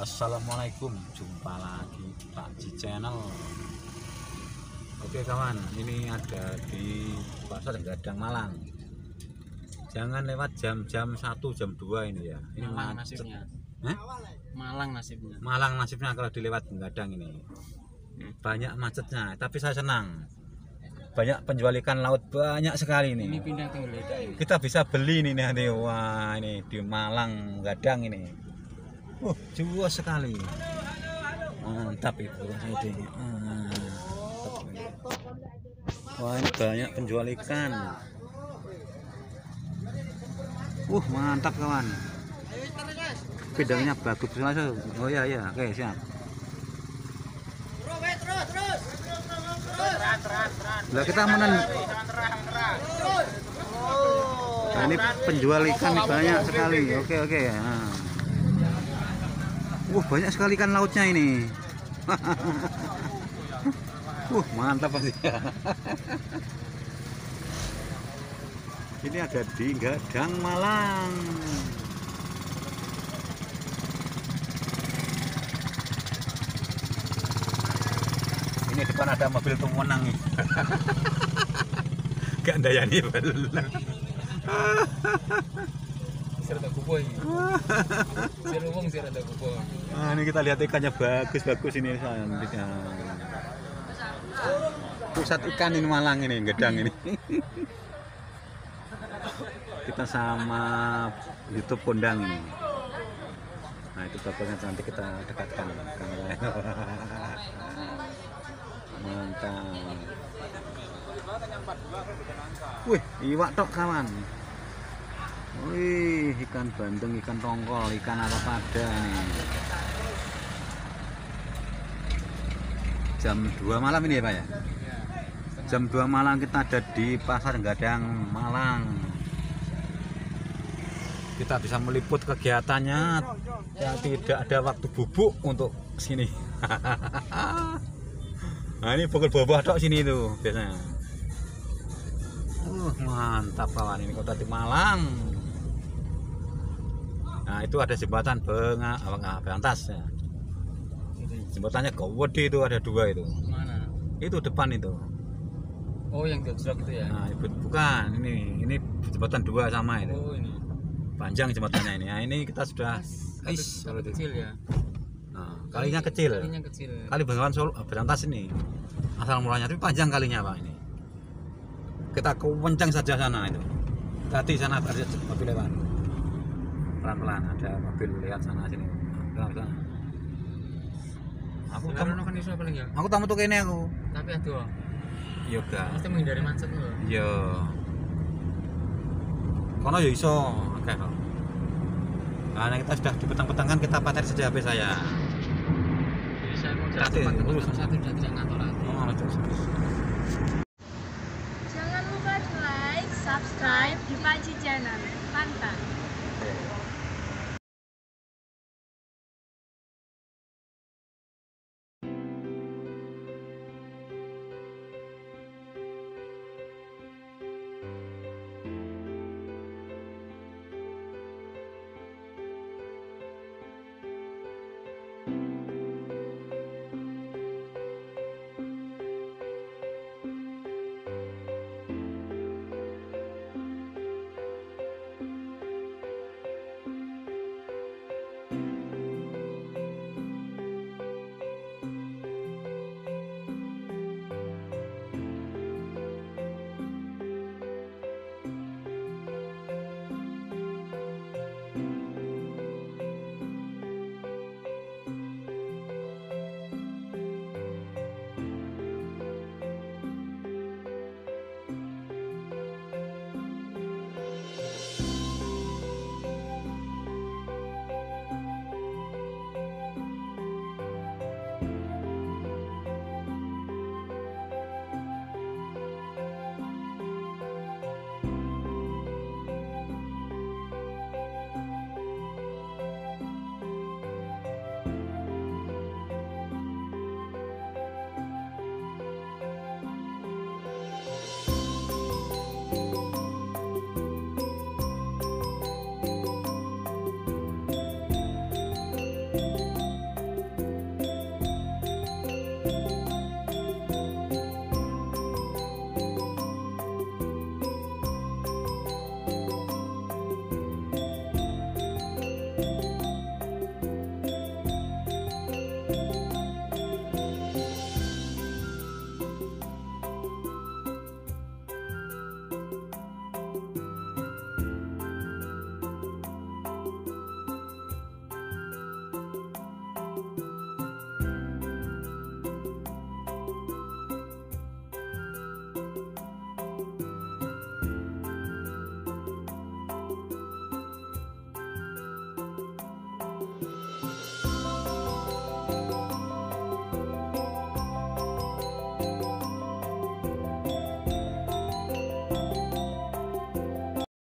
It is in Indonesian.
Assalamualaikum jumpa lagi di Pakji channel Oke kawan ini ada di pasar Gadang Malang jangan lewat jam-jam 1 jam 2 ini ya ini Malang macet. nasibnya Eh? Malang nasibnya Malang nasibnya kalau dilewat Gadang ini banyak macetnya tapi saya senang banyak penjual ikan laut banyak sekali ini. Ini pindah Kita bisa beli ini nanti. Wah, ini di Malang Gadang ini. Oh, jua sekali. Mantap ah, itu ini. Ah, Wah, ini banyak penjual ikan. Uh, mantap kawan. Pedangnya bagus langsung. Oh ya ya, oke siap. terus kita menen. Nah, ini penjual ikan banyak sekali. Oke oke ya. Nah. Wah, banyak sekali ikan lautnya ini. Wah, mantap pasti. ini ada di Gadang Malang. Ini depan ada mobil tumonang nih. Gak dayani nih sih rada kuboy. Sir umum sih Nah, ini kita lihat ikannya bagus-bagus ini cantiknya. Pusat ikan ini Malang ini, gedang ini. kita sama YouTube kondang ini. Nah, itu tokonya nanti kita dekatkan kamera. Mantap. Wih, iwak tok kawan. Wih, ikan bandeng, ikan tongkol, ikan apa pada nih. Jam 2 malam ini ya Pak ya? Jam 2 malam kita ada di Pasar Gadang Malang. Kita bisa meliput kegiatannya yang tidak ada waktu bubuk untuk sini. nah ini pukul bawah dok sini itu biasanya. Uh, mantap kawan ini kota di Malang. Nah itu ada jembatan Benga, Bantas ya. Jembatannya gede itu ada dua itu. Mana? Itu depan itu. Oh yang gojlok itu ya? Nah, bukan ini ini jembatan dua sama itu. Oh ini. Panjang jembatannya ini. Nah, ini kita sudah. Is, kalau kecil ya. Nah, kalinya kecil. Kalinya kecil. Kali Bengawan Solo Bantas eh, ini. Asal mulanya tapi panjang kalinya pak ini. Kita kewenceng saja sana itu. Tadi sana ada mobil lewat pelan-pelan ada mobil lihat sana sini pelan pelan aku tamu kan iso paling ya aku tamu tuh kene aku tapi aduh yoga pasti menghindari macet loh iya kono ya iso oke kok karena kita sudah di petang-petang kan kita pacar saja HP saya jadi saya mau jalan tempat satu ya, sudah tidak ngatur lagi oh, thank you